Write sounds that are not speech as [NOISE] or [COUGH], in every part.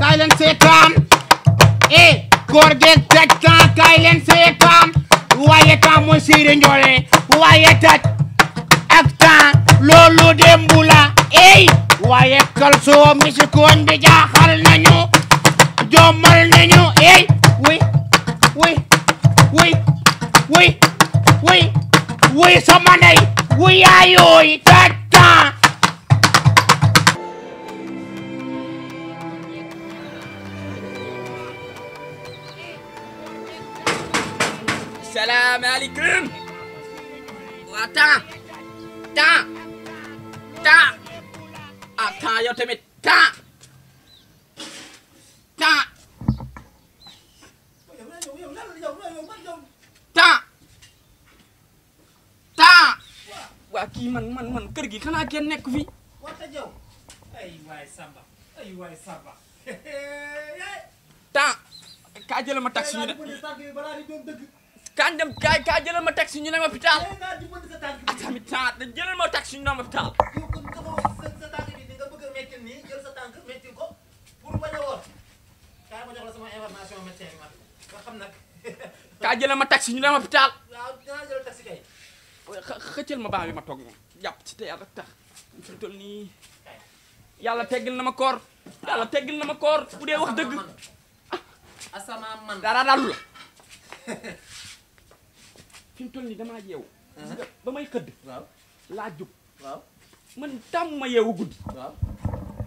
taj temps seetaan eh koor geeg taj temps seetaan waaye temps mooy séeré njoole waaye taj ak temps loolu démb la ey waaye kalso mi si koñ bi jaaxal nañu jommal nañu ey wuy wuy wuy wuy wuy wuy sama ndey السلام Ta. Ta. تا تا اتا يوتمي ta. Ta. Ta. Ta. Wa ki man man man keur gi xanaa kenn nek fi wata jaw ay way samba ay way samba ta kaa jëlama tax suñu de kan dem ka jëlal ma taxi ñu ne ma hôpital atami taat na jëlal ma taxi ñu ne ma hôpital ka ma taxi ñu ne ma hôpital xëccal ma baabi ma toog moom ci tax fi tol teggil na ma koor teggil na ma koor bu wax asama man dara dalu fi toll nii damaa yeewu. Ah. ba may xëdd. laa jub. waaw man tàmm ma yeewu guddi. waaw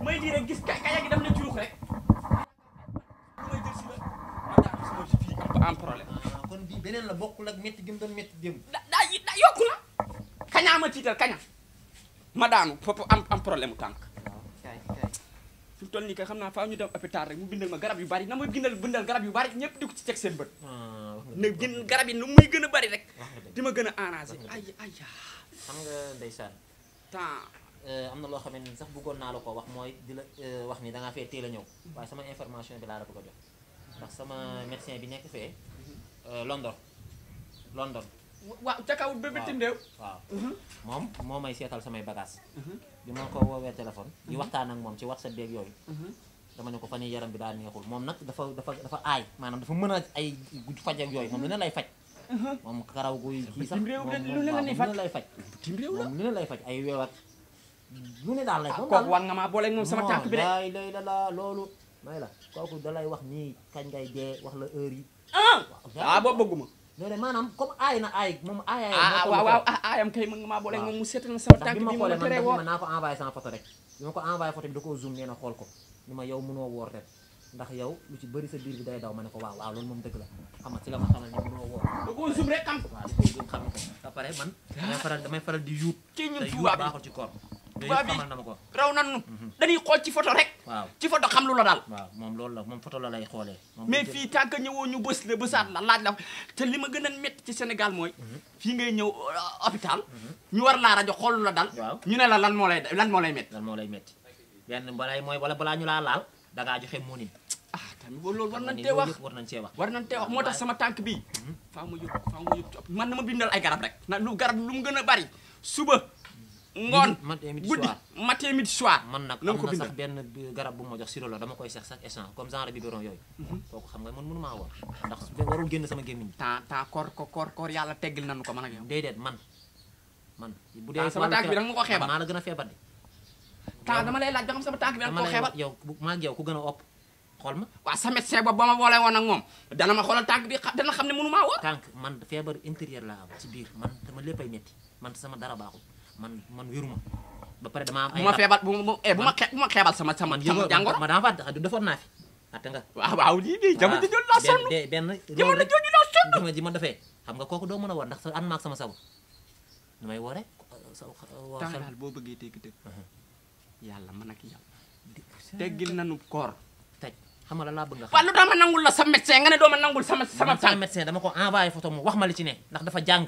may di gis kay kaya gi dem na ci ruux rek. may jël si la si fii am am problème. Ah, kon bii beneen la bokkul ak métti gi mu doon métti démb. da daa yokku la. kañaa ma tiital kaña ma daanu foofu am am problème mu tànk. fi toll nii kay xam naa faa ñu dem hôpital rek mu bindal ma garab yu bari na muy bindal bindal garab yu bari ñëpp di ko ci teg seen bët. Ah, ne gën garab yi lu muy gën a bari rek. di ma gën a arrangé ay ay. xam nga ndeysaan. temps. Euh, am na loo xam ne sax bëggoon naa la ko wax mooy di la euh, wax ni da ngaa fee teel a ñëw. Mm-hmm. waaye sama information bi laa la bëgg a jox ndax sama mm-hmm. médecin bi nekk fee. Mm-hmm. Euh, London London. waaw ca kaw bépp itam de. waaw moom moo may seetal samay bagages bima ko wowe telephone di mhm. waxtan ak mom ci whatsapp beeg yoy mhm. dama ne ko fan yaram bi da neexul mom nak dafa dafa dafa ay manam dafa meuna ay gudd faj ak yoy mom lu ne lay faj mom mhm. karaw guy ki sax lu ne lay faj moom lu ne lay faj ay weew ak lu ne dal lay ah, ko wan nga ma bolé moom sama tank bi de lay lay la lolu may la koku dalay wax ni kañ ngay dé wax la heure yi ah, ah bo bëgguma léeg-léeg maanaam comme aay na aay moom aay aay ah, ah, waaw waaw aayam ah, kay mën nga maa boole moom mu na sama tànk bi ma ko envoyé sama photo rek bi ma ko envoyé nee na xool ko ni ma yow mënoo woor ren ndax yow lu ci bari sa biir bi day daw ma ne ko waaw waaw loolu moom dëgg la xam a ci la ma xamal ne mënoo woor da koo zoom rek xam waaw ko pare man damay faral damay faral di yuut te yuut baaxul ci koor tubaab bi raw nañu mhm. dañuy xool ci photo rek waaw ci photo xam lu la daal waaw moom loolu la moom photo la lay xoolee mais fii tant que ñëwoo ñu bës la bësaat la laaj la te li ma gën a métti ci Sénégal mooy mhm. fii ngay ñëw euh, hôpital mhm. ñu war laa rajo xool la daal ñu ne la lan moo lay lan moo lay métti lan moo lay met benn balay mooy wala balaa ñu laa laal dangaa moo moonin ah tamit loolu war nañ tee wax war nañ tee wax war nañ tee wax moo tax sama tànk bi faaw ma yóbbu faaw man na ma bindal ay garab rek na lu garab lu mu gën a bari suba ngoon guddi matin midi soir man nag am na sax benn garab bu ma jox siro la dama koy sex sax essence comme genre biberon yooyu mhm. kooku xam nga man mënuma woor ndax warul génn sama gémmiñ ta ta kor ko kor koor yàlla teggil nanu ko man ak yow déedéet man man bu dee sama tànk bi da nga ko xeebal maa la de ta dama lay laaj ba sama tànk bi da nga ko xeebal yow maa ngi yow ku gën a opp xool ma waa sa médecin boobu ba ma boole woon ak moom dana ma xoolal tànk bi dana xam ne mënuma woor man feebar intérieur laa am ci biir man dama léppay metti man sama dara baaxul man man wéruma ba pare dama am ay eh ya, bu ma bu eh, ma sama sama sama jàngoro ma dama fa du defoon naa fi atte nga Jamu waaw lii nii jamono jooju laa sonn benn jamono jooju laa sonn jamono ji ma defee xam nga kooku doo mën a woor ndax sa an maag sama sabu nu may woore taalaal boo bëggee dégg dëgg yàlla man ak yow teggil nanu koor tej xam nga la laa bëgg xam waaw lu nangul la sa médecin nga ne doo ma nangul sama sama sa médecin dama ko envoyé photo mu wax ma li ci ya. ne ndax dafa jàng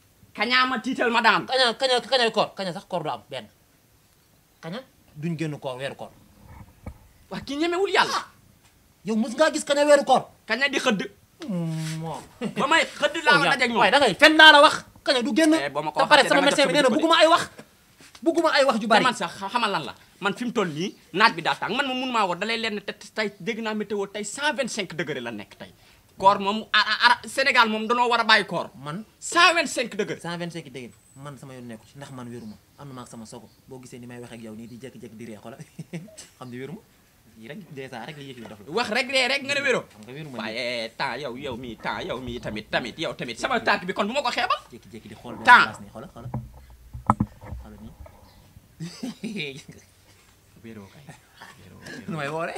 kañaa ma tiital ma daan. kaña kaña kaña koor kaña sax koor du am benn kaña duñ génn koor weeru koor. wax ki ñemewul yàlla. Ah! yow mus ngaa gis kaña weeru koor. kaña di xëdd. Mmh, ba may xëdd laa la dajeeg ñoom waaye da ngay fen laa la wax. kaña du génn eh, te pare sama médecin bi bugguma ay wax. bugguma ay wax ju bari man sax xamal lan la man fi mu toll nii naaj bi daa tàng man ma mun maa woo lenn leen te tey dégg naa météo tey cinq degré la nekk tey. koor moom ara Sénégal moom danoo war a bàyyi koor. man 125 degré. 125 degré man sama yoon nekku ci ndax man wéru am na maag sama sogo boo gisee ni may wax ak yow nii di jékki-jékki di ree xola [LAUGHS] xam ne wéru ma yi rek dèjà rek li yëf yi wax rek rek nga ne wéroo. xam nga wéru ma waaye temps yow yow mii temps yow mii tamit tamit yow tamit sama tànk bi kon bu ma ko xeebal. jékki-jékki di xool benn place nii xola xola nii [LAUGHS] lu may woore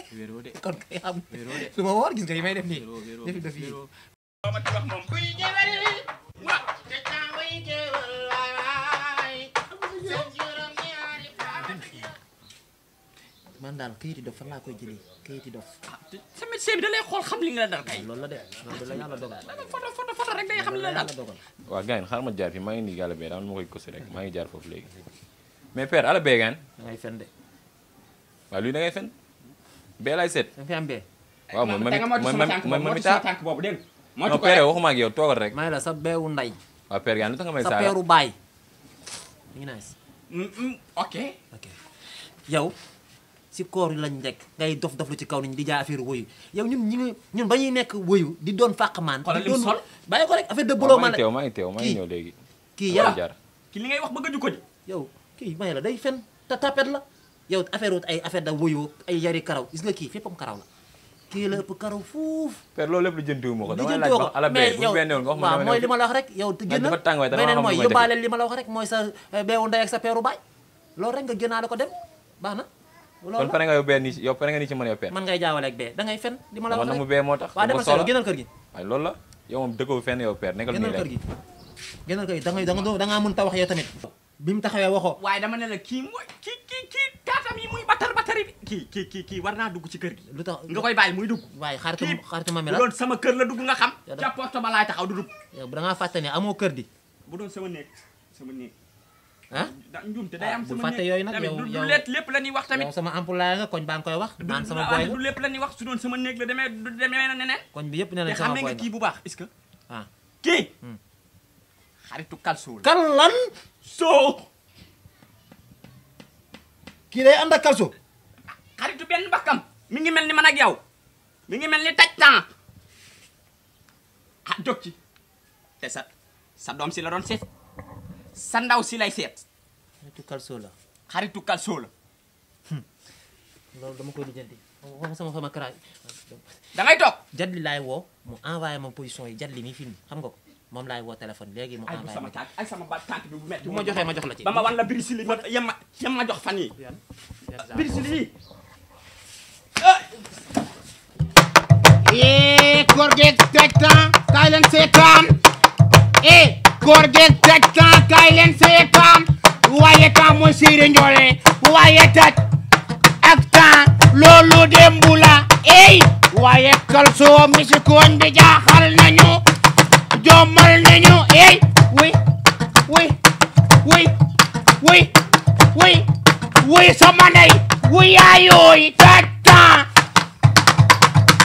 kon kay xam lu ma woor gis nga yi may def nii defi def yi man daal kayiti dof fan laa koy jëlee kayiti dof. ah sa médecin bi da lay xool xam li nga la dal kay. loolu la de loolu la yàlla dogal. da ah, nga foto foto foto rek day xam li la dal. waaw gars yi xaaral ma jaar fii maa ngi nii gàll bee daal ma koy kosi rek maa ngi jaar foofu léegi mais père ala bee gaan. ngay fen de. waaw luy da ngay fen bee laay seet da fi am bee waaw mooy mooy mooy ta tànk boobu dégg nga non père waxuma ak yow toogal rek may la sa beewu nday waaw ah, père yaa kan lu tax nga may sa peeru baay ngi nice ok ok yow si koor yi lañ nekk ngay dof dof lu ci kaw niñ di jaay affaire woyu yow ñun ñu ñun ba nekk woyu di doon fàq maan di doon sol bàyyi ko rek affaire de boulot man teew maa ngi teew maa ngi ñëw léegi ki li ngay wax bëgg a yow kii may la day fen te tapet la yow affaire wut ay affaire da wuyu ay yari karaw gis nga ki féppam karaw la ki la ëpp karaw fuuf per lo lepp lu jëntiwu ma ko dama laaj ko ala mais yow waaw mooy moy lima la wax rek yow te génn beneen mooy yóbbaale li lima la wax rek moy sa eh, beewu ndey ak sa peru bay lo rek nga génnaale ko dem baxna kon pare nga yow bee nii yow pare nga ni ci mën yow per man ngay jaawale ak be da ngay fen lima la wax rek mu be motax wa waaw demal gënal kër gi ay lool la yow mom dëkkoo fenn yow per nekkal nii rek gënal kër gi da ngay da nga da nga mën ta wax yow tamit bim taxawé waxo way dama ne la ki moy ki Kiki kii kii kii war dugg ci kër gi. lu tax nga koy bàyyi muy dugg. waaye xaritu xaritu mami la sama kër la dugg nga xam. ca porte ba laay taxaw du dugg. yow da ngaa fàtte ne amoo kër di. bu doon sama néeg sama néeg. ah njuumte day ah, am sama néeg bu fàtte yooyu nag yow yow du lépp la ñuy wax tamit. sama employé nga koñ baa ngi koy wax. man sama boy la du lépp la ñuy wax su doon sama néeg la demee du demee na neneen. koñ bi yëpp nee nañ sama boy xam nga kii bu baax est-ce que. ah hmm. xaritu kalso kan lan so ki day ànd kalso. benn bakkam mi ngi mel ni man ak yow mi ngi mel ni taj temps ah ci te sa sa doom si la doon seet ndaw si lay seet. xaritu kalso la. xaritu kalso la. Hmm. loolu dama koy lijjanti wax sama fama karaay. da ngay toog. jadli laay woo mu envoyé ma position yi jadli mi film xam nga ko moom woo téléphone léegi mu envoyé ma. ay sama baat bu ma joxee ma jox la ci. ba ma wan la birisili ma yem ma yem ma jox fan yi yi. eh koor geeg daj temps kaay leen seetaan eh koor geeg daj temps kaay leen seetaan waaye temps mooy séeréer njoole waaye daj ak temps loolu dembu la eh waaye kalso mi si koñ bi jaaxal nañu jommal nañu eh oui oui oui oui oui oui sama ndey oui yaayooy